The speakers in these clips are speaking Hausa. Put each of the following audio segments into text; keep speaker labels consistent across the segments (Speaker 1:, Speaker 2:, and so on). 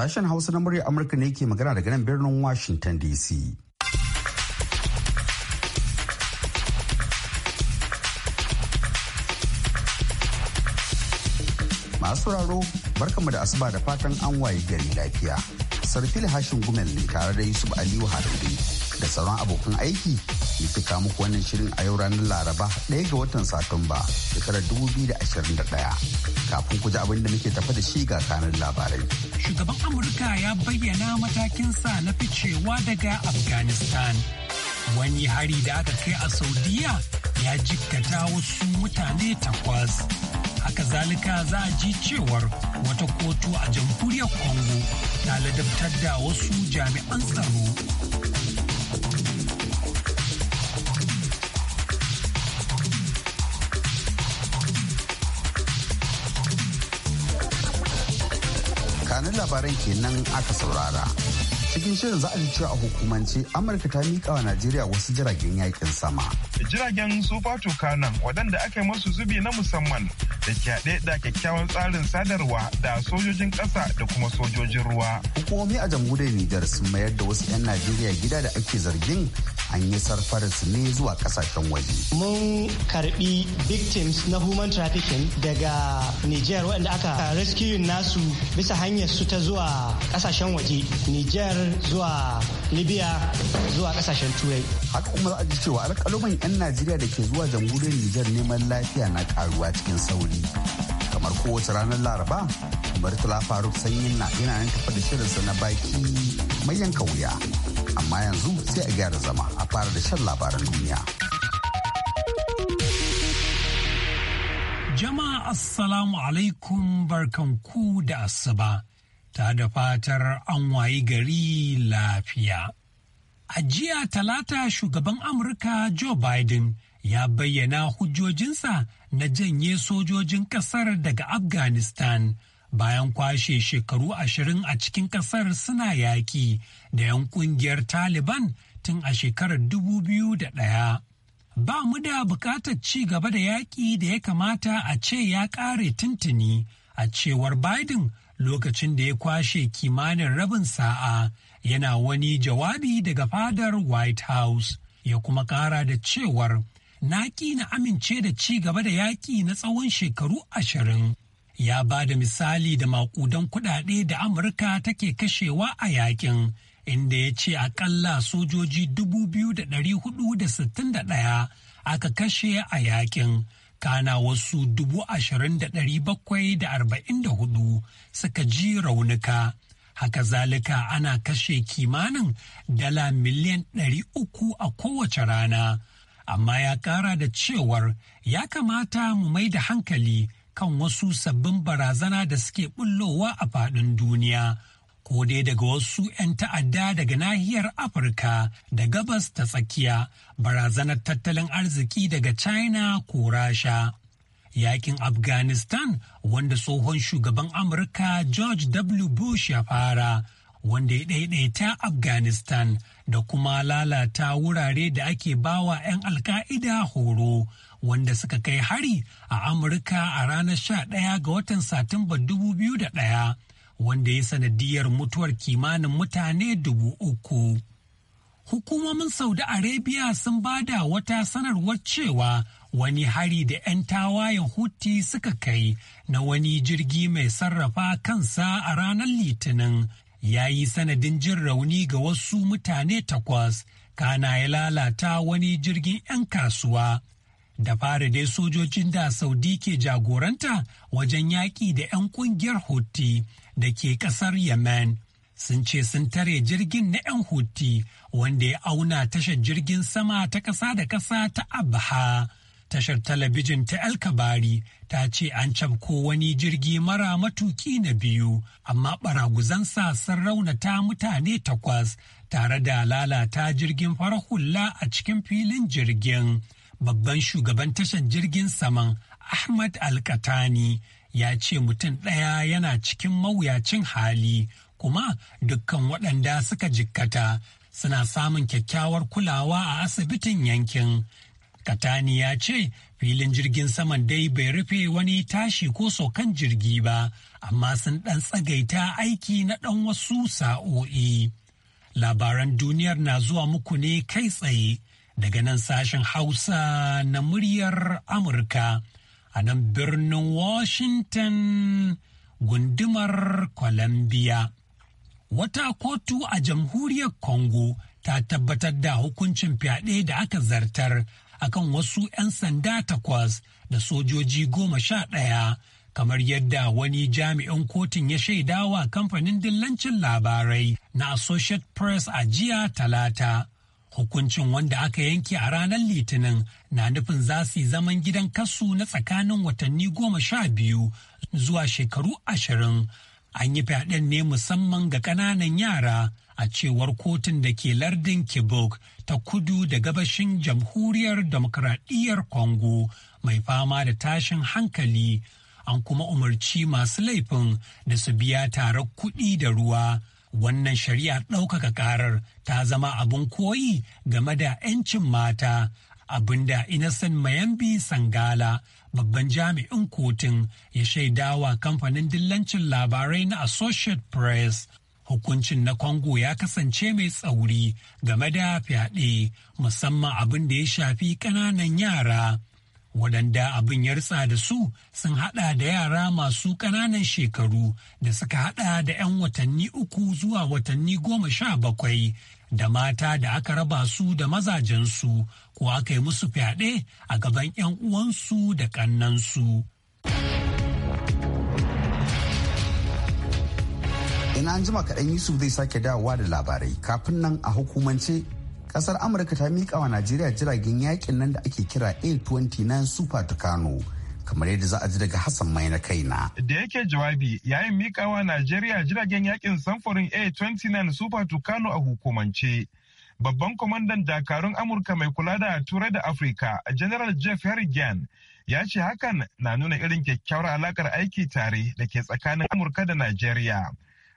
Speaker 1: Sashen Hausa na murya Amurka ne ke magana daga nan birnin Washington DC. Masu raro barkanmu da asuba da fatan an waye gari lafiya. Sarfil Hashin Gumel ne tare da Yusuf Aliyu Harande da sauran abokan aiki ne fika muku wannan shirin a yau ranar Laraba ɗaya ga watan Satumba shekarar 2021. kafin ku ji abin da muke tafa da shi ga kanin labarai.
Speaker 2: Shugaban Amurka ya bayyana matakinsa na ficewa daga Afghanistan. Wani hari da aka kai a Saudiya ya jikkata wasu mutane takwas. Haka zalika za a ji cewar wata kotu a jamhuriyar Congo ta ladabtar da wasu jami'an tsaro
Speaker 1: labaran kenan aka saurara. cikin shirin za a ji cewa a hukumance amurka ta mika wa najeriya wasu jiragen yakin sama
Speaker 3: jiragen super tukanan waɗanda aka yi masu zubi na musamman da ke haɗe da kyakkyawan tsarin sadarwa da sojojin ƙasa da kuma sojojin ruwa
Speaker 1: hukumomi a jamhuriyar nijar sun mayar da wasu 'yan najeriya gida da ake zargin an yi su ne zuwa kasashen waje.
Speaker 2: Mun karbi
Speaker 4: victims na human trafficking daga Niger waɗanda aka rescue nasu bisa hanyar su ta zuwa kasashen waje. Niger zuwa Libya
Speaker 1: zuwa kasashen Turai. Haka kuma za ji cewa alƙaloman 'yan Najeriya da ke zuwa jamhuriyar Niger neman lafiya na karuwa cikin sauri. Kamar kowace ranar Laraba, Murtala Faruk Sanyin na yana nan tafa shirinsa na baki mai yanka wuya. amma yanzu sai a gyara zama a fara da shan labaran duniya.
Speaker 2: Jama'a Assalamu alaikum barkanku da asuba ta da fatar an wayi gari lafiya. A jiya talata shugaban Amurka Joe Biden ya bayyana hujjojinsa na janye sojojin kasar daga Afghanistan. bayan kwashe shekaru ashirin a cikin kasar suna yaƙi da 'yan kungiyar taliban tun a shekarar dubu biyu 2001 ba mu da bukatar ci gaba da yaƙi da ya kamata a ce ya ƙare tuntuni a cewar biden lokacin da ya kwashe kimanin rabin sa'a yana wani jawabi daga fadar white house ya kuma ƙara da cewar na na amince da ci gaba da yaƙi na tsawon shekaru ashirin ya ba da misali da makudan kuɗaɗe da Amurka take kashewa a yakin, inda ya ce akalla sojoji 2,461 aka kashe a yakin, kana wasu da 20,744 suka ji raunuka. Haka zalika ana kashe kimanin dala miliyan 300 a kowace rana, amma ya kara da cewar ya kamata mu mai da hankali. kan wasu sabbin barazana da suke bullowa a faɗin duniya ko dai daga wasu 'yan ta'adda daga nahiyar afirka da gabas ta tsakiya barazanar tattalin arziki daga china ko rasha yakin afghanistan wanda tsohon shugaban amurka george w bush ya fara wanda ya ɗaiɗaita afghanistan da kuma lalata wurare da ake bawa 'yan alka'ida horo wanda suka kai hari a amurka a ranar sha ɗaya ga watan satumba ɗaya wanda ya sanadiyar mutuwar kimanin mutane dubu uku. hukumomin saudi arabia sun bada wata sanarwar cewa wani hari da 'yan tawayen huti suka kai na wani jirgi mai sarrafa kansa a ranar litinin ya yi sanadin jin rauni ga wasu mutane takwas kana ya lalata wani jirgin 'yan kasuwa da fara dai sojojin da saudi ke jagoranta wajen yaƙi da 'yan ƙungiyar hutti da ke ƙasar yemen sun ce sun tare jirgin na 'yan hutti wanda ya auna tashar jirgin sama ta ƙasa da ƙasa ta abha Tashar talabijin ta Alkabari ta ce an cafko wani jirgi mara matuki na biyu, amma baraguzansa sun raunata mutane takwas tare da lalata jirgin farar hula a cikin filin jirgin. Babban shugaban tashar jirgin saman Ahmad Alkatani ya ce mutum ɗaya yana cikin mawuyacin hali, kuma dukkan waɗanda suka jikkata suna samun kyakkyawar kulawa a asibitin yankin Katani ya ce filin jirgin saman dai bai rufe wani tashi ko sokan jirgi ba, amma sun ɗan tsagaita aiki na ɗan wasu sa'o'i. Labaran duniyar na zuwa muku ne kai tsaye daga nan sashen Hausa na muryar Amurka a nan birnin Washington gundumar Columbia. Wata kotu a jamhuriyar Congo ta tabbatar da hukuncin fyaɗe da aka zartar akan wasu 'yan sanda takwas da sojoji goma sha ɗaya kamar yadda wani jami'in kotun ya shaidawa kamfanin dillancin labarai na associate press a jiya talata hukuncin wanda aka yanke a ranar litinin na nufin za su yi zaman gidan kasu na tsakanin watanni goma sha biyu zuwa shekaru ashirin an yi fyaɗen ne musamman ga ƙananan yara a cewar kotun da ke lardin Kibok ta kudu da gabashin jamhuriyar demokradiyyar Congo mai fama da tashin hankali an kuma umarci masu laifin da su biya tare kuɗi da ruwa. Wannan shari'a ɗaukaka ƙarar ta zama abin koyi game da 'yancin mata abinda Innocent Mayambi Sangala babban jami'in kotun ya shaidawa kamfanin dillancin labarai na Associate Press hukuncin na Congo ya kasance mai tsauri game da fyaɗe musamman abin da ya shafi ƙananan yara. Waɗanda abin ya da su sun haɗa da yara masu ƙananan shekaru da suka haɗa da 'yan watanni uku zuwa watanni goma sha bakwai da mata da aka raba su da mazajensu ko aka yi musu fyaɗe a gaban 'yan uwansu da ƙannansu.
Speaker 1: ina an jima kaɗan yusuf zai sake dawowa da labarai kafin nan a hukumance ƙasar amurka ta miƙa wa najeriya jiragen yakin nan da ake kira a29 super tucano kamar yadda za a ji daga Hassan mai na kaina.
Speaker 3: Da yake jawabi yayin mikawa Najeriya jiragen yakin samfurin A-29 Super Tucano a hukumance. Babban kwamandan dakarun Amurka mai kula da Turai da Afirka, General Jeff Harrigan, ya ce hakan na nuna irin kyakkyawar alakar aiki tare da ke tsakanin Amurka da Najeriya.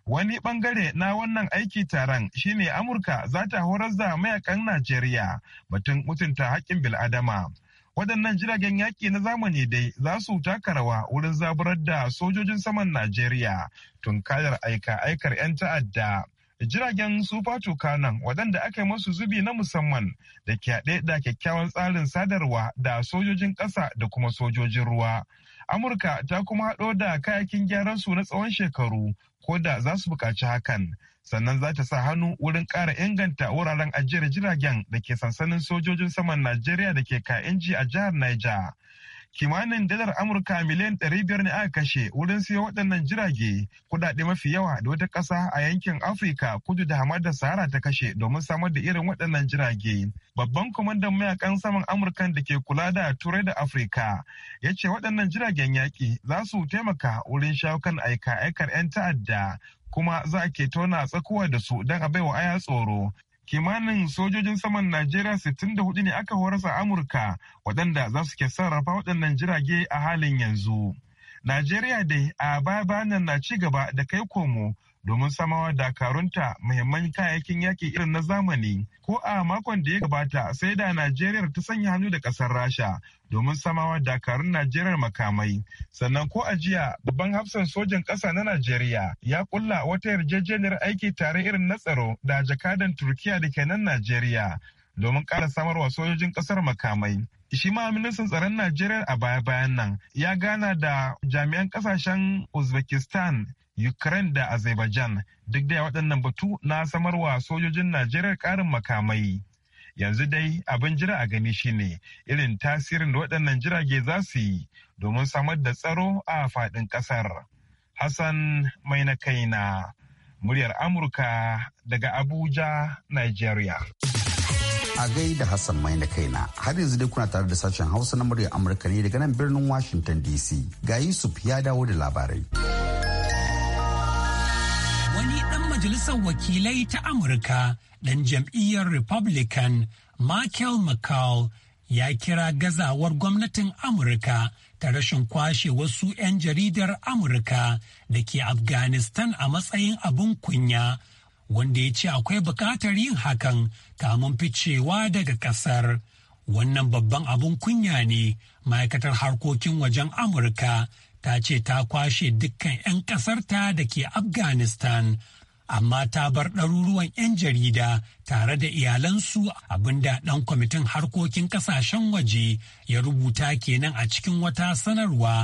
Speaker 3: Wani bangare na wannan aiki taron shine Amurka za ta horar da mayakan Najeriya batun mutunta haƙƙin bil'adama. Waɗannan jiragen yaƙi na zamani dai za su taka rawa wurin zaburar da sojojin saman Najeriya tun kayar aika-aikar 'yan ta'adda. Jiragen Super Tucanan waɗanda aka yi masu zubi na musamman da ke da kyakkyawan tsarin sadarwa da sojojin ƙasa da kuma sojojin ruwa. Amurka ta kuma haɗo da kayakin gyaran su na tsawon shekaru ko da za su buƙaci hakan. Sannan za ta sa hannu wurin ƙara inganta wuraren ajiyar jiragen da ke sansanin sojojin saman Najeriya da ke Kainji a jihar Niger. kimanin dalar amurka miliyan 500 ne aka kashe wurin siyo waɗannan jirage kudade mafi yawa da wata ƙasa a yankin afirka kudu da hamadar sahara ta kashe domin samar da irin waɗannan jirage babban kwamandan mayakan saman amurkan da ke kula da turai da afirka ya ce waɗannan jiragen yaƙi za su taimaka wurin shawo kan aika aikar 'yan ta'adda kuma za a ke tona tsakuwa da su don a baiwa aya tsoro kimanin sojojin saman Najeriya sittin da hudu ne aka horasa Amurka waɗanda za su ke sarrafa waɗannan jirage a halin yanzu. Najeriya dai a baya na ci gaba da kai komo domin samawa dakarunta muhimman kayayyakin yaƙi irin na zamani ko a makon da ya gabata sai da najeriya ta sanya hannu da ƙasar rasha domin samawa dakarun najeriya makamai sannan ko a jiya babban hafsan sojan ƙasa na najeriya ya kulla wata yarjejeniyar aiki tare irin na tsaro da jakadan turkiya da ke najeriya domin ƙara samarwa sojojin ƙasar makamai shi ma ministan tsaron najeriya a baya-bayan nan ya gana da jami'an ƙasashen uzbekistan Ukraine da Azerbaijan duk da waɗannan batu na samarwa sojojin Najeriya ƙarin makamai. Yanzu dai abin jira a gani shine irin tasirin da waɗannan jirage za su yi domin samar da tsaro a faɗin ƙasar. Hassan mai na kaina, muryar Amurka daga Abuja, Nigeria.
Speaker 1: A gaida Hassan mai na kaina, har yanzu dai kuna tare da sashen Hausa na muryar Amurka ne daga nan birnin Washington DC. Ga Yusuf ya dawo da labarai.
Speaker 2: wani ɗan majalisar wakilai ta Amurka ɗan jam'iyyar Republican Michael McCall ya kira gazawar gwamnatin Amurka ta rashin kwashe wasu 'yan jaridar Amurka da ke Afghanistan a matsayin abin kunya wanda ya ce akwai buƙatar yin hakan kamun ficewa daga ƙasar. Wannan babban abun kunya ne ma'aikatar harkokin wajen Amurka ta ce ta kwashe dukkan 'yan ƙasarta da ke afghanistan amma ta bar ɗaruruwan 'yan jarida tare da iyalansu abinda ɗan kwamitin harkokin ƙasashen waje ya rubuta kenan a cikin wata sanarwa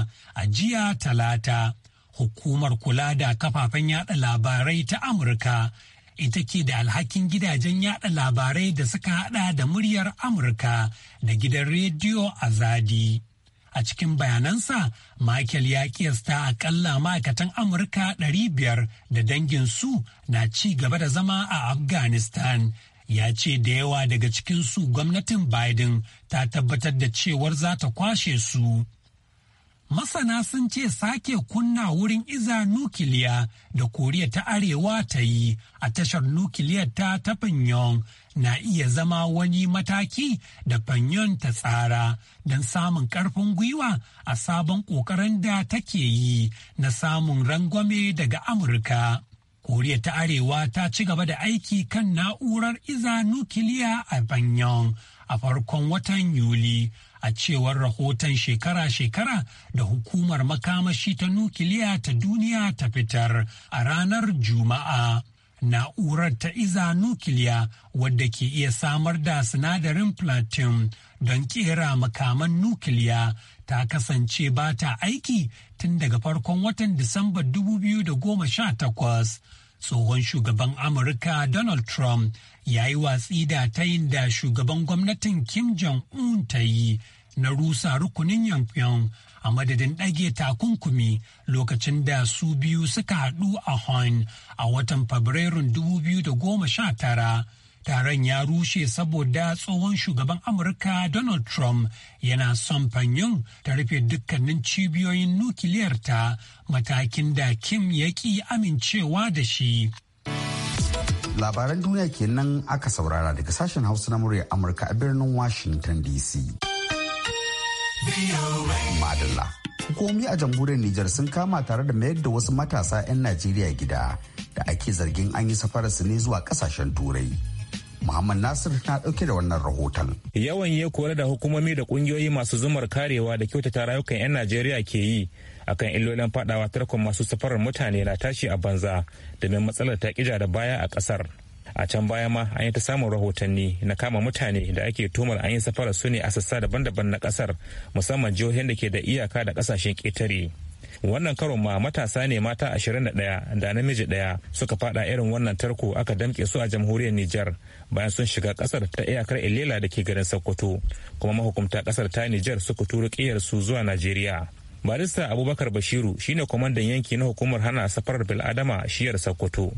Speaker 2: a jiya talata hukumar kula da kafafen yada labarai ta amurka ita ke da alhakin gidajen yada labarai da suka hada da muryar amurka da gidan rediyo a zadi. a cikin bayanansa michael ya kiyasta akalla ma'aikatan amurka 500 da danginsu na ci gaba da zama a afghanistan ya ce da yawa daga cikinsu gwamnatin biden ta tabbatar da cewar za ta kwashe su masana sun ce sake kunna wurin iza nukiliya da koriya ta arewa ta yi a tashar nukiliya ta ta Pyongyang na iya zama wani mataki da Pyongyang ta tsara don samun karfin gwiwa a sabon kokarin da take yi na samun rangwame daga amurka koriya ta arewa ta ci gaba da aiki kan na'urar iza nukiliya a banyan a farkon watan yuli a cewar rahoton shekara-shekara da hukumar makamashi ta nukiliya ta duniya ta fitar a ranar juma'a na'urar ta iza nukiliya wadda ke iya samar da sinadarin platinum don kera makaman nukiliya ta kasance ba ta aiki tun daga farkon watan disamba 2018 tsohon shugaban amurka donald trump ya yi watsi da ta yin da shugaban gwamnatin kim jong-un ta yi na rusa rukunin yankin a madadin ɗage takunkumi lokacin da su biyu suka haɗu a hon a watan fabrairun 2019 taron ya rushe saboda tsohon shugaban amurka donald trump yana son fanyin ta rufe dukkanin cibiyoyin nukiliyar ta matakin da kim ya ki amincewa da shi
Speaker 1: labaran duniya kenan aka saurara daga sashen hausa na murya amurka a birnin washington dc madalla hukumomi a jamhuriyar nijar sun kama tare da mayar da wasu matasa 'yan najeriya gida da ake zargin an yi safararsu ne zuwa kasashen turai Muhammad Nasir na ɗauke da wannan rahoton.
Speaker 5: Yawan ya kore da hukumomi da ƙungiyoyi masu zumar karewa da kyautata rayukan 'yan Najeriya ke yi akan illolin fadawa tarkon masu safarar mutane na tashi a banza domin matsalar ta kija da baya a ƙasar. a can baya ma an yi ta samun rahotanni na kama mutane da ake tumar an yi safarar su ne a sassa daban-daban na kasar musamman jihohin da ke da iyaka da kasashen ƙetare wannan karon ma matasa ne mata 21 da namiji daya suka fada irin wannan tarko aka damke su a jamhuriyar Nijar bayan sun shiga kasar ta iyakar Ilela da ke garin Sokoto kuma mahukumta kasar ta Nijar suka turo kiyar su zuwa Najeriya barista abubakar bashiru shine kwamandan yanki na hukumar hana safarar bil'adama shiyar sokoto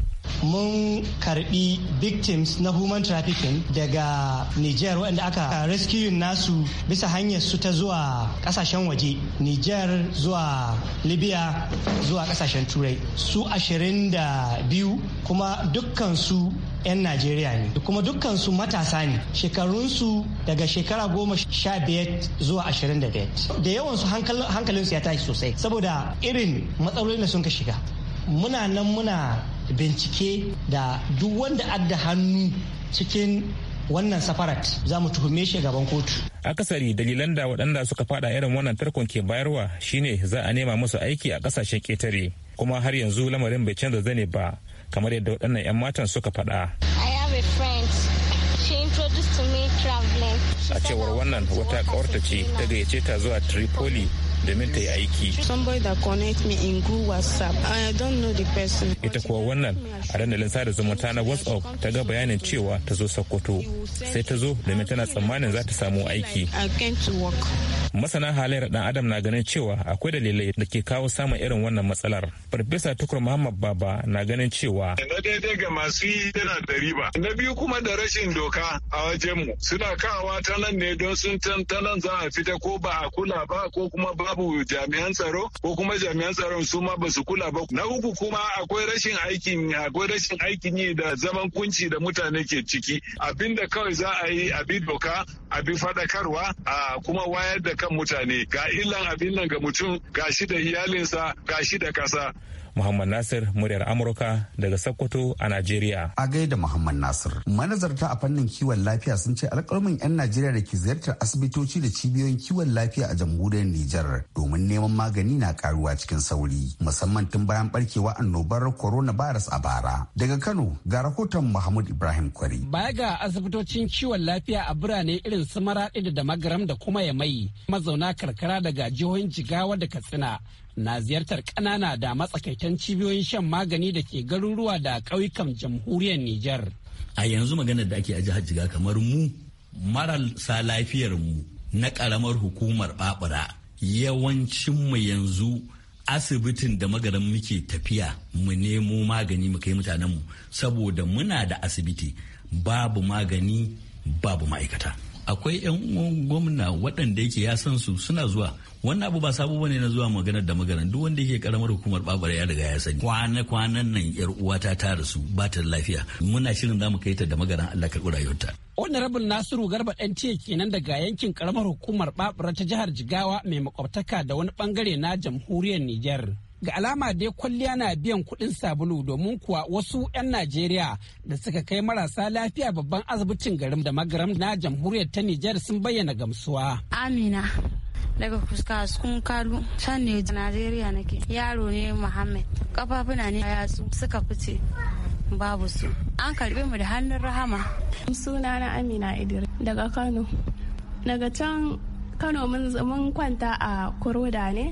Speaker 4: mun karbi victims na human trafficking daga niger wanda aka rescue nasu bisa hanyar su ta zuwa kasashen waje niger zuwa libya zuwa kasashen turai su ashirin da biyu kuma dukkan su 'yan najeriya ne kuma dukkan su matasa ne shekarunsu daga shekara goma sha biyar zuwa ashirin da biyar da yawansu su ya tashi sosai saboda irin matsalolin da sun ka shiga muna nan muna bincike da duk wanda adda hannu cikin
Speaker 5: wannan safarat za mu tuhume shi gaban kotu. Akasari dalilan da waɗanda suka fada irin wannan tarkon ke bayarwa shine za a nema musu aiki a ƙasashen ƙetare kuma har yanzu lamarin bai canza zane ba kamar yadda waɗannan 'yan matan suka faɗa. A cewar wannan wata ƙawarta ce ta gayyace ta zuwa Tripoli domin ta yi aiki. Ita kuwa wannan a dandalin sada zumunta na WhatsApp ta ga bayanin cewa ta zo Sokoto sai ta zo domin tana tsammanin za ta samu aiki. masana halayyar dan adam na ganin cewa akwai dalilai da ke kawo samun irin wannan matsalar farfesa tukur muhammad baba na ganin cewa
Speaker 3: na daidai ga masu yi tana da riba na biyu kuma da rashin doka a wajenmu suna kawa ta nan ne don sun tantanan za a fita ko ba a kula ba ko kuma babu jami'an tsaro ko kuma jami'an tsaron su ma ba su kula ba na uku kuma akwai rashin aikin akwai rashin aikin yi da zaman kunci da mutane ke ciki abinda kawai za a yi a bi doka a bi faɗakarwa a kuma wayar da kan mutane ga illan abin nan ga mutum ga shi da iyalinsa ga shi da kasa
Speaker 5: Muhammad Nasir muryar Amurka daga Sokoto a Najeriya. A gaida Muhammad Nasir. Manazarta a fannin kiwon
Speaker 1: lafiya sun ce alƙalmin 'yan Najeriya da ke ziyartar asibitoci da cibiyoyin kiwon lafiya a jamhuriyar Nijar domin neman magani na karuwa cikin sauri musamman tun bayan barkewa annobar coronavirus a bara. Daga Kano ga rahoton Mahmud Ibrahim Kwari.
Speaker 6: Baya ga asibitocin kiwon lafiya a birane irin su Maraɗi da Damagaram da kuma Yamai mazauna karkara daga jihohin Jigawa da Katsina na ziyartar ƙanana da matsakaitan cibiyoyin shan magani da ke garuruwa da ƙauyukan jamhuriyar Nijar.
Speaker 7: A yanzu maganar da ake a jihar Jiga kamar mu marasa lafiyar mu na ƙaramar hukumar Babura yawancin mu yanzu asibitin da magaran muke tafiya mu nemo magani mu kai mutanen mu saboda muna da asibiti babu magani babu ma'aikata. akwai yan gwamna waɗanda yake ya san su suna zuwa wannan abu ba sabo bane na zuwa maganar da maganar duk wanda yake karamar hukumar babara ya riga ya sani kwana kwanan nan yar uwata ta rasu ba ta lafiya muna shirin zamu kai ta da maganar Allah karɓi rayuwarta
Speaker 6: honorable nasiru garba dan ce kenan daga yankin karamar hukumar babura ta jihar jigawa mai makwabtaka da wani bangare na jamhuriyar niger ga alama dai kwalliya na biyan kuɗin sabulu domin kuwa wasu 'yan najeriya da suka kai marasa lafiya babban asibitin garin da magaram na jamhuriyar ta nijar sun bayyana gamsuwa
Speaker 1: amina daga fuska
Speaker 6: sun kalu can ne najeriya nake yaro ne muhammad kafafuna ne yatsu suka fice babu su an karbe mu da hannun rahama suna na amina idir daga kano daga can kano mun kwanta a kuroda ne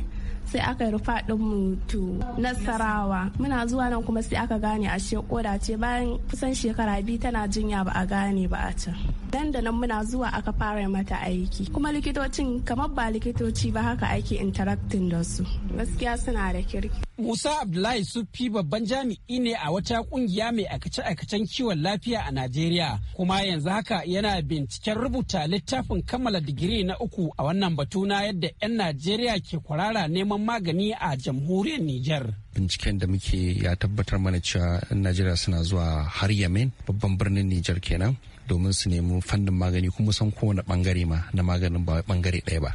Speaker 6: sai aka yi rufa mu to nasarawa muna zuwa nan kuma sai aka gane a koda ce bayan kusan shekara biyu tana jinya ba a gane ba a can dan da nan muna zuwa aka fara mata aiki kuma likitocin kamar ba likitoci ba haka ake interacting da su gaskiya suna da kirki Musa Abdullahi Sufi babban jami'i ne a wata kungiya mai aikace-aikacen kiwon lafiya a Najeriya kuma yanzu haka yana binciken rubuta littafin kammala digiri na uku a wannan batu na yadda 'yan Najeriya ke kwarara neman neman magani a jamhuriyar Nijar.
Speaker 7: Binciken da muke ya tabbatar mana cewa Najeriya suna zuwa har Yemen babban birnin Nijar kenan domin su nemi fannin magani kuma san kowane bangare ma na maganin ba bangare ɗaya ba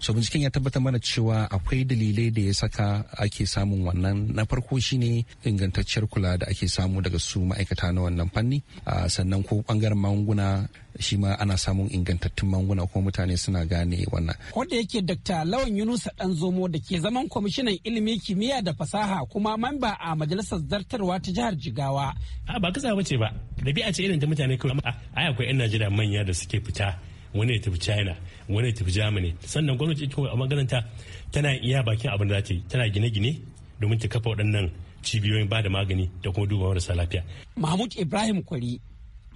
Speaker 7: so binciken ya tabbatar mana cewa akwai dalilai da ya saka ake samun wannan na farko shine ingantacciyar kula da ake samu daga su ma'aikata na wannan fanni sannan ko bangaren magunguna shi ma ana samun ingantattun manguna kuma mutane suna gane wannan.
Speaker 6: Wanda yake Dr. Lawan Yunusa Danzomo da ke zaman kwamishinan ilimi kimiyya da fasaha kuma mamba a majalisar zartarwa ta jihar Jigawa. A ba kasa bace ba, da a ce irin ta mutane kawai
Speaker 5: ai akwai 'yan Najeriya manya da suke fita wani ya tafi China, wani ya tafi Germany. Sannan gwamnati ita a magananta tana iya bakin abin da za ta yi, tana gine-gine domin ta kafa waɗannan cibiyoyin ba da magani da kuma duba marasa lafiya.
Speaker 6: Mahmud Ibrahim Kwari,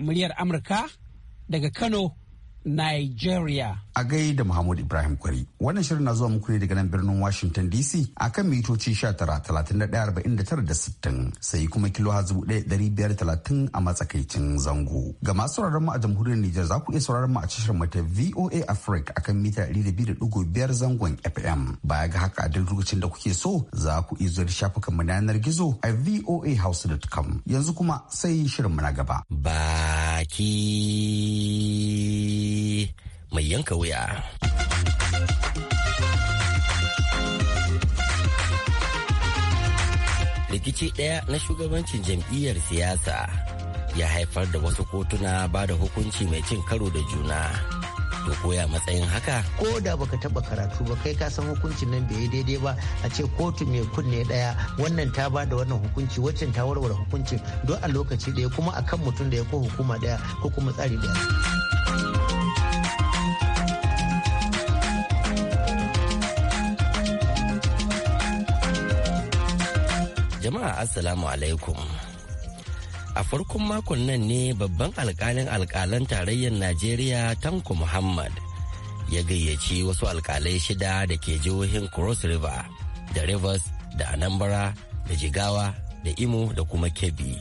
Speaker 6: muryar Amurka daga Kano, Nigeria.
Speaker 1: A da Muhammad Ibrahim Kwari. Wannan shirin na zuwa muku ne daga nan birnin Washington DC a kan mitoci 19,39,60 sai kuma kilo hazu 1,530 a matsakaicin zango. Ga masu sauraron mu a jamhuriyar Nijar za ku iya sauraron mu a tashar mata VOA Africa a kan mita 200.5 zangon FM. Baya ga haka a duk lokacin da kuke so za ku iya zuwa shafukan mu na yanar gizo a voahouse.com. Yanzu kuma sai shirin mu na gaba. Baki.
Speaker 7: mai yanka wuya. rikici ɗaya na shugabancin jam'iyyar siyasa ya haifar da wasu kotuna ba da hukunci mai cin karo da juna to koya matsayin haka
Speaker 4: ko da baka taba karatu ba kai ka san hukuncin nan bai daidai ba a ce kotu mai kunne daya wannan ta ba da wannan hukunci waccan ta warware hukuncin don a lokaci daya kuma akan mutum da ya ko hukuma daya ko kuma tsari daya
Speaker 7: assalamu alaikum a farkon makon nan ne babban alkalin alkalan tarayyar najeriya tanko muhammad ya gayyaci wasu alkalai shida da ke jihohin cross river da rivers da anambra da jigawa da imo da kuma kebbi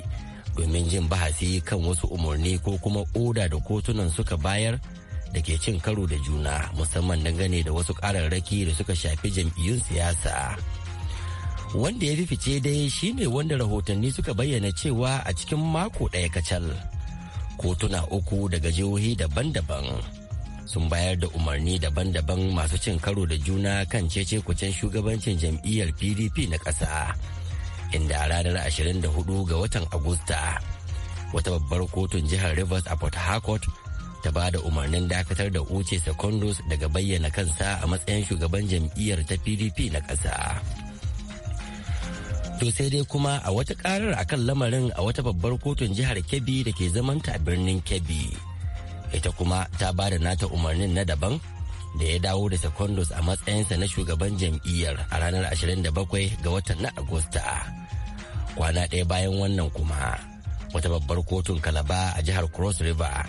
Speaker 7: domin jin bahasi kan wasu umarni ko kuma oda da kotunan suka bayar da ke cin karo da juna musamman dangane da wasu ƙararraki da suka shafi jam'iyyun siyasa. wanda ya fi fice dai shine wanda rahotanni suka bayyana cewa a cikin mako ɗaya kacal kotuna uku daga jihohi daban-daban sun bayar da umarni daban-daban masu cin karo da juna kan cece kucen shugabancin jam'iyyar pdp na ƙasa inda a ranar 24 ga watan agusta wata babbar kotun jihar rivers a port harcourt ta ba da umarnin dakatar da uce secondos daga bayyana kansa a matsayin shugaban jam'iyyar ta pdp na ƙasa. To sai dai kuma a wata karar kan lamarin a wata babbar kotun jihar Kebbi da ke zamanta a birnin Kebbi. Ita kuma ta ba da nata umarnin na daban da ya dawo da secondos a matsayinsa na shugaban jam'iyyar a ranar 27 ga watan na Agusta. Kwana ɗaya bayan wannan kuma wata babbar kotun Kalaba a jihar Cross River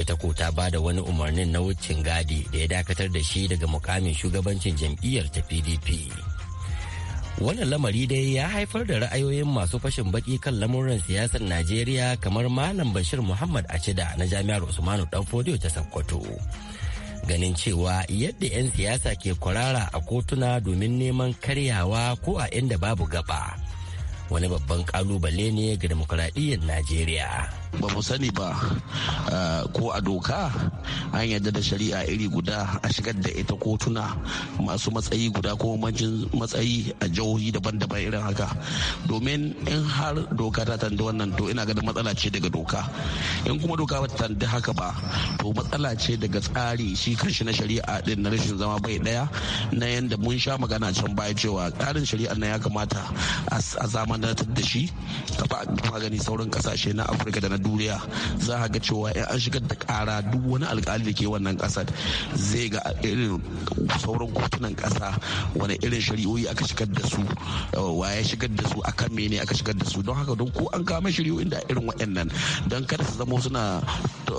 Speaker 7: ita ko ta ba da wani umarnin na wucin gadi da ya dakatar da shi daga mukamin shugabancin jam'iyyar ta PDP. wannan lamari dai ya haifar da ra'ayoyin masu fashin baki kan lamuran siyasar najeriya kamar malam bashir muhammad acida na jami'ar usmanu danfodiyo ta sokoto ganin cewa yadda 'yan siyasa ke kwarara a kotuna domin neman karyawa ko a inda babu gaba wani babban kalubale ne ga demokuraɗiyyar najeriya ba mu sani ba eh, ko a
Speaker 8: doka an yarda da shari'a iri guda a shigar da ita kotuna masu matsayi guda ko mancin matsayi a jihohi daban-daban irin haka domin in har doka ta tandi wannan to ina ganin matsala ce daga doka in kuma doka ba ta tandi haka ba to matsala ce daga tsari shi kanshi na shari'a din na rashin zama bai daya na yanda mun sha magana can baya cewa tsarin shari'a na ya kamata a zamanantar da shi ka ba magani sauran kasashe na afirka da na duniya za a ga cewa in an shigar da kara duk wani alkali da ke wannan kasar zai ga irin sauran kotunan kasa wani irin shari'o'i aka shigar da su eh, waye shigar da su akan mene aka shigar da su don haka don ko an kama shari'o'in da irin waɗannan don kada su zama suna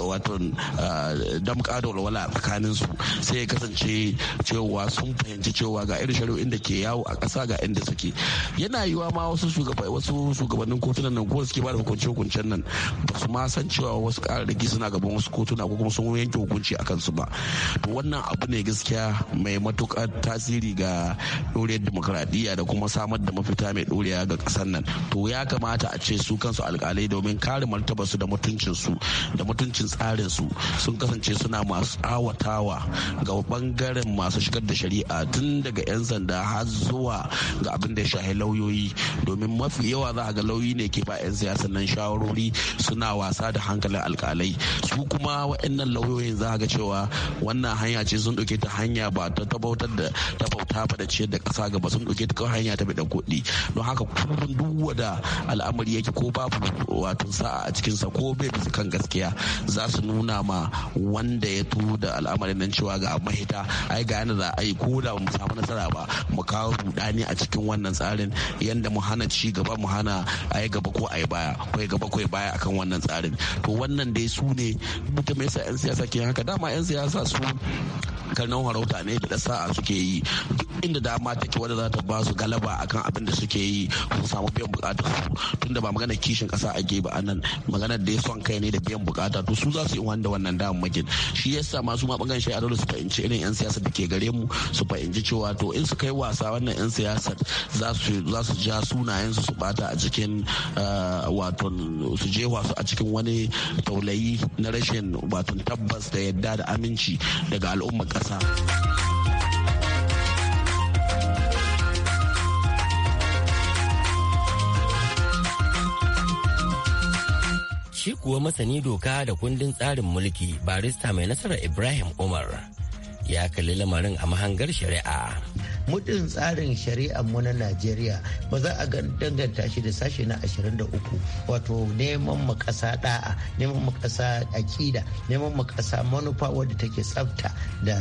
Speaker 8: wato ah, damƙa da walwala tsakanin su sai ya kasance cewa sun fahimci cewa ga irin shari'o'in da ke yawo a ƙasa ga inda suke yana yiwa ma wasu wasu shugabannin kotunan nan ko suke ba da hukunci hukuncen nan ba su ma san cewa wasu ƙararraki suna gaban wasu kotuna ko kuma sun yanke hukunci a kansu ba to wannan abu ne gaskiya mai matuƙar tasiri ga ɗoriyar dimokuraɗiyya da kuma samar da mafita mai ɗoriya ga ƙasar nan to ya kamata a ce su kansu alƙalai domin kare martabarsu da mutuncinsu da mutuncin cikin tsarin su sun kasance suna masu awatawa ga bangaren masu shigar da shari'a tun daga 'yan sanda har zuwa ga abin da ya shahi lauyoyi domin mafi yawa za a ga lauyi ne ke ba 'yan siyasa nan shawarori suna wasa da hankalin alkalai su kuma waɗannan lauyoyin za a ga cewa wannan hanya ce sun ɗauke ta hanya ba ta tabautar da tabauta ba da ciyar da ƙasa gaba sun ɗauke ta hanya ta bi da kuɗi don haka kullum duk wada al'amari yake ko babu wato sa'a a cikinsa ko bai bisa kan gaskiya za su nuna ma wanda ya tu da al'amarin nan cewa ga mahita ai ga yana za a ko da mu samu nasara ba mu kawo rudani a cikin wannan tsarin yanda mu hana ci gaba mu hana ai gaba ko ai baya ko gaba ko baya akan wannan tsarin to wannan dai su ne mutum yasa yan siyasa ke haka dama yan siyasa su karnan harauta ne da sa'a suke yi duk inda dama take wadda za ta ba su galaba akan abin da suke yi su samu biyan bukatar su tunda ba magana kishin kasa a ba anan magana da ya son kai ne da biyan bukata to su za su yi wanda wannan magin shi yasa masu ma shi a dole su fahimci irin yan siyasa da ke gare mu su fahimci cewa to in su kai wasa wannan yan siyasa za su ja sunayen su su bata a cikin ah, wato su je wasu a cikin wani taulayi na rashin wato tabbas da yadda da aminci daga al'ummar ƙasa.
Speaker 7: Shi kuwa masani doka da kundin tsarin mulki barista mai nasarar Ibrahim Umar ya kalli lamarin a mahangar shari'a.
Speaker 4: muddin tsarin shari'ar mu na najeriya ba za a danganta shi da sashe na 23 wato neman mu kasa da'a neman mu kasa akida neman mu kasa manufa wadda take tsafta da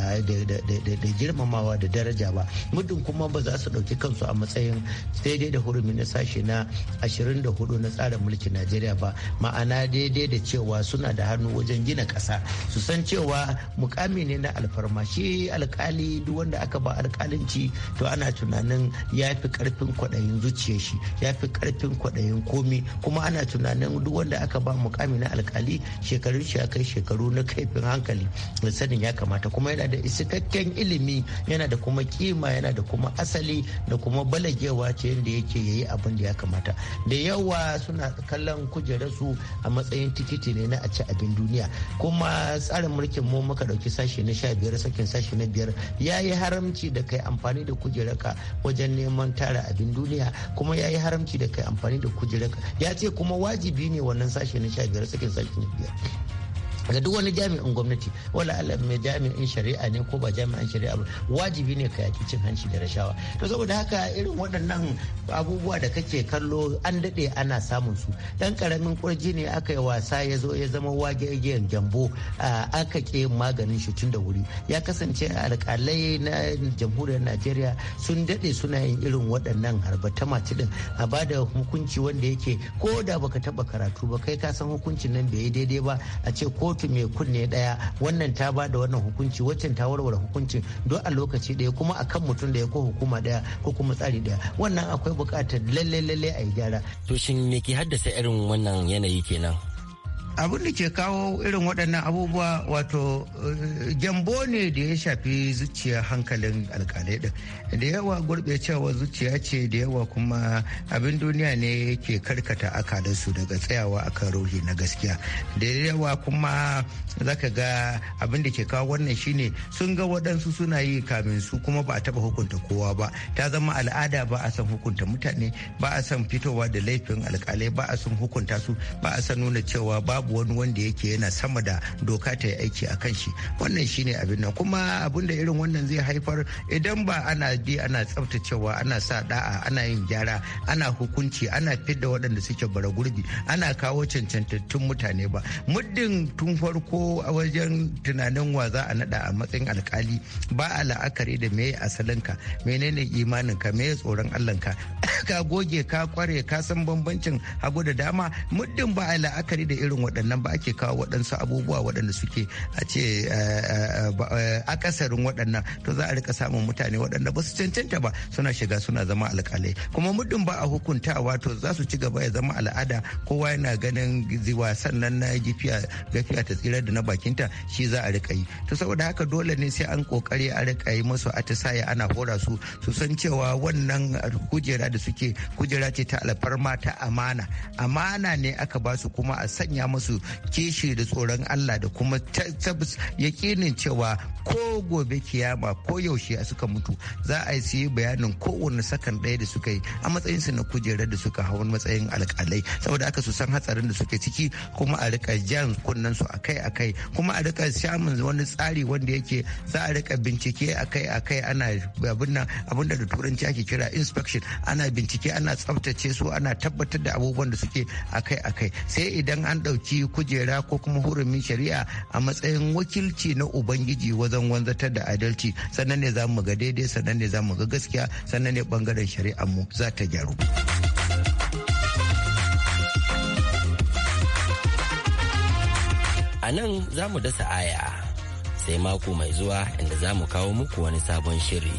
Speaker 4: girmamawa da daraja ba muddin kuma ba za su dauki kansu a matsayin daidai da hurumi na sashe na 24 na tsarin mulkin najeriya ba ma'ana daidai da cewa suna da hannu wajen gina kasa su san cewa mukami ne na alfarmashi alkali duk wanda aka ba alkalinci to ana tunanin ya fi karfin kwaɗayin zuciya shi ya fi karfin kwaɗayin komi kuma ana tunanin duk wanda aka ba mukami na alkali shekarun shi a kai shekaru na kaifin hankali da sanin ya kamata kuma yana da isikakken ilimi yana da kuma kima yana da kuma asali da kuma balagewa ce yadda yake ya yi abin da ya kamata da yawa suna kallon kujerarsu a matsayin tikiti ne na a ci abin duniya kuma tsarin mulkin mu muka ɗauki sashe na sha biyar sakin sashe na biyar ya yi haramci da kai amfani amfani da kujeraka wajen neman tara abin duniya kuma ya yi haramci da kai amfani da kujeraka ya ce kuma wajibi ne wannan sashe na sha biyar sakin sashe na biyar ga duk wani jami'in gwamnati wala Allah mai jami'in shari'a ne ko ba jami'in shari'a ba wajibi ne ka yaki cin hanci da rashawa to saboda haka irin waɗannan abubuwa da kake kallo an daɗe ana samun su dan karamin kurji ne aka yi wasa ya zo ya zama wagegen gyambo aka ke maganin shi tun da wuri ya kasance alƙalai na jamhuriyar Najeriya sun daɗe suna yin irin waɗannan harbata mace din a ba da hukunci wanda yake ko da baka taɓa karatu ba kai ka san hukuncin nan bai daidai ba a ce ko kotu mai kunne daya wannan ta ba da wannan hukunci waccan ta warware hukunci don a lokaci daya kuma a kan mutum daya ko hukuma daya ko kuma tsari daya wannan akwai bukatar lalle lalle a yi gyara. to shin me ke
Speaker 7: haddasa irin wannan yanayi kenan.
Speaker 4: abin da ke kawo irin waɗannan abubuwa wato jambo eh, ne da ya shafi zuciya hankalin alkalai ɗin da yawa cewa zuciya ce da yawa kuma abin duniya ne ke karkata akalinsu daga tsayawa akan ruhi na gaskiya da yawa kuma za ka ga abin da ke kawo wannan shine sun ga waɗansu suna yi kamin su kuma ba a taɓa hukunta kowa ba ta zama al'ada ba a san hukunta mutane ba a san fitowa da laifin alkalai ba a san hukunta su ba a san nuna cewa ba babu wani wanda yake yana sama da doka ta yi aiki a kan shi wannan shine abin nan kuma abin da irin wannan zai haifar idan ba ana bi ana tsaftacewa ana sa da'a ana yin gyara ana hukunci ana fidda waɗanda suke bara gurbi ana kawo cancantattun mutane ba muddin tun farko a wajen tunanin wa za a naɗa a matsayin alkali ba a la'akari da me asalinka menene imaninka me tsoron allahnka ka goge ka kware ka san bambancin hagu da dama muddin ba a la'akari da irin waɗannan ba ake kawo waɗansu abubuwa waɗanda suke a ce eh, eh, eh, akasarin waɗannan to za a rika samun mutane waɗanda ba su cancanta ba suna shiga suna zama alƙalai kuma muddin ba a hukuntawa to za su ci gaba ya zama al'ada kowa yana ganin wasan sannan na gifiya gafiya ta tsira da na bakinta shi za a rika yi to saboda haka dole ne sai an kokari a rika yi musu atisaye ana hora su su san cewa wannan kujera da suke kujera ce ta alfarma ta amana amana ne aka ba su kuma a sanya musu musu kishi da tsoron Allah da kuma yakinin cewa ko gobe kiyama ko yaushe suka mutu za a yi bayanin kowane sakan ɗaya da suka yi a matsayinsu na kujerar da suka hau matsayin alƙalai saboda aka su san hatsarin da suke ciki kuma a rika jan kunnen su akai akai kuma a rika samun wani tsari wanda yake za a rika bincike akai akai ana da da turanci ake kira inspection ana bincike ana tsaftace su ana tabbatar da abubuwan da suke akai akai sai idan an ɗauki ci kujera ko kuma hurumin shari'a a matsayin wakilci na ubangiji wajen wanzatar da adalci sannan ne za mu ga daidai sannan ne za mu ga gaskiya sannan ne bangaren shari'ar mu za ta gyaru. A nan za mu dasa aya
Speaker 7: sai mako mai zuwa inda za mu kawo muku wani sabon shiri.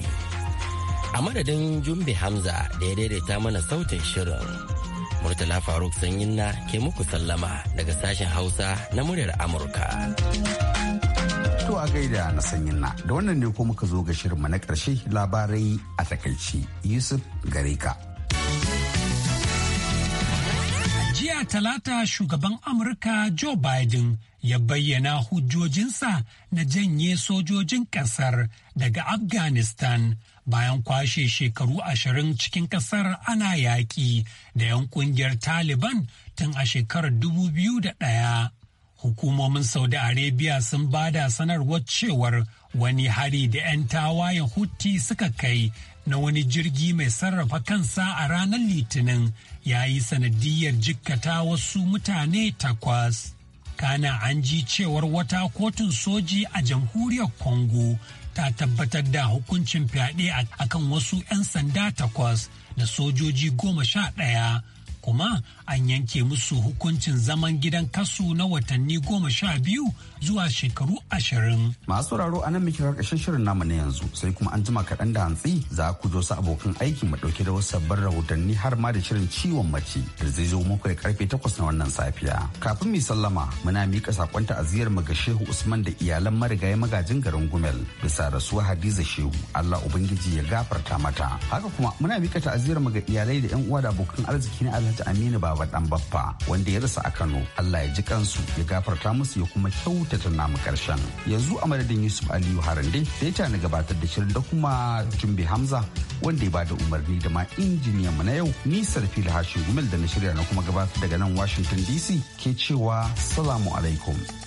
Speaker 7: A madadin Jumbe Hamza da ya daidaita mana sautin shirin. Murtala Faruk Sanyin na ke muku sallama daga sashen Hausa na muryar Amurka.
Speaker 1: To a gaida na Sanyin na da wannan ne ko muka zo ga shirinmu na ƙarshe labarai a takaici Yusuf Gareka.
Speaker 2: Jiya talata shugaban Amurka Joe Biden ya bayyana hujjojinsa na janye sojojin ƙasar daga Afghanistan bayan kwashe shekaru ashirin cikin ƙasar ana yaƙi da 'yan ƙungiyar Taliban tun a shekarar dubu biyu da ɗaya. Hukumomin Saudi Arabia sun ba da sanarwar cewar wani hari da 'yan tawayen Houthi suka kai na wani jirgi mai sarrafa kansa a ranar Litinin ya yi sanadiyar jikkata wasu mutane takwas. kana an ji cewar wata kotun soji a jamhuriyar congo ta tabbatar da hukuncin fyaɗe a kan wasu 'yan sanda takwas da sojoji goma sha ɗaya kuma an yanke musu hukuncin zaman gidan kasu na watanni goma sha biyu zuwa shekaru ashirin.
Speaker 1: Masu sauraro a nan muke karkashin shirin namu na yanzu sai kuma an jima kaɗan da hantsi za ku zo su abokan aiki mu ɗauke da wasu sabbin rahotanni har ma da shirin ciwon mace da zai zo muku ya karfe takwas na wannan safiya. Kafin mu sallama muna miƙa sakon ta'aziyar mu ga Shehu Usman da iyalan marigayi magajin garin Gumel bisa rasuwa Hadiza Shehu Allah Ubangiji ya gafarta mata. Haka kuma muna miƙa ta'aziyar mu ga iyalai da 'yan uwa da abokan arziki na alhaji aminu baba dan baffa wanda ya rasa a kano allah ya ji kansu ya gafarta musu ya kuma kyautata namu karshen yanzu a madadin yusuf aliyu harande da ya na gabatar da shirin da kuma Jumbe hamza wanda ya ba da umarni da ma injiniyan mu na yau ni sarfil Hashim gumel da na shirya na kuma gabatar daga nan washington dc ke cewa salamu alaikum